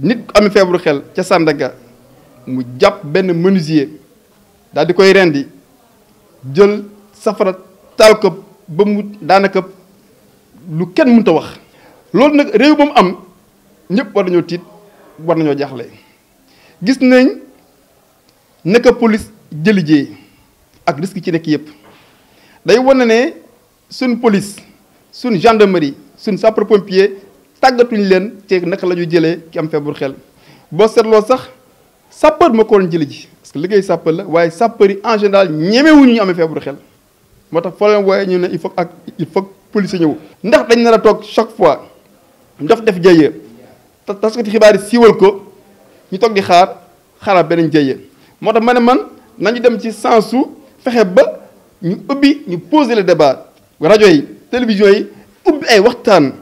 nit ku am feebaru xel ca Sandaga mu jàpp benn menuisier daal di koy rendi jël safara taal ko ba mu daanaka lu kenn mënut wax. loolu nag réew ba mu am ñëpp war nañoo tiit war nañoo jaxle gis nañ naka police jëli jee ak risque ci nekk yëpp day wane ne suñ police sun gendarmerie suñ sapeur pompier. tàggatuñu leen ci naka la ñu jëlee ki am feebar xel boo seetloo sax sapeur ma ko doon ji parce que liggéey sapeur la waaye sapeur yi en général ñemewuñu ñu amee feebaru xel moo tax foo leen wooyee ñu ne il faut ak il faut police ñëw ndax dañu nar a toog chaque fois daf def jëyee te taskati xibaar yi siiwal ko ñu toog di xaar xaaral beneen jëyee moo tax ma ne man nañu dem ci sensu fexe ba ñu ubbi ñu poser le débat rajo yi télévision yi ubbi ay waxtaan.